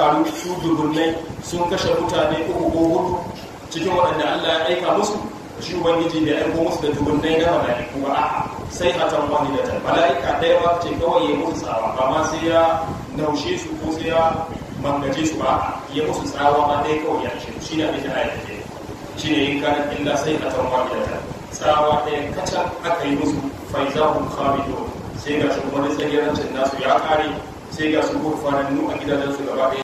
karu su dubunnai sun kashe mutane uku ko hudu cikin waɗanda Allah ya aika musu shi ubangiji bai aiko musu da gama na mala'iku ba a'a sai a hatan wahidatan mala'ika ɗaya ba ce kawai ya musu tsawa ba ma sai ya naushe su ko sai ya mangaje su ba ya musu tsawa ba ɗaya kawai ya ce shi ne abin da ayat ke shi ne yin kanan illa sai a da wahidatan tsawa ɗaya kacal aka yi musu faizahun khamidun sai ga shugabannin tsagirancin nasu ya kare sai ga su gurfanannu a gidajensu gaba ɗaya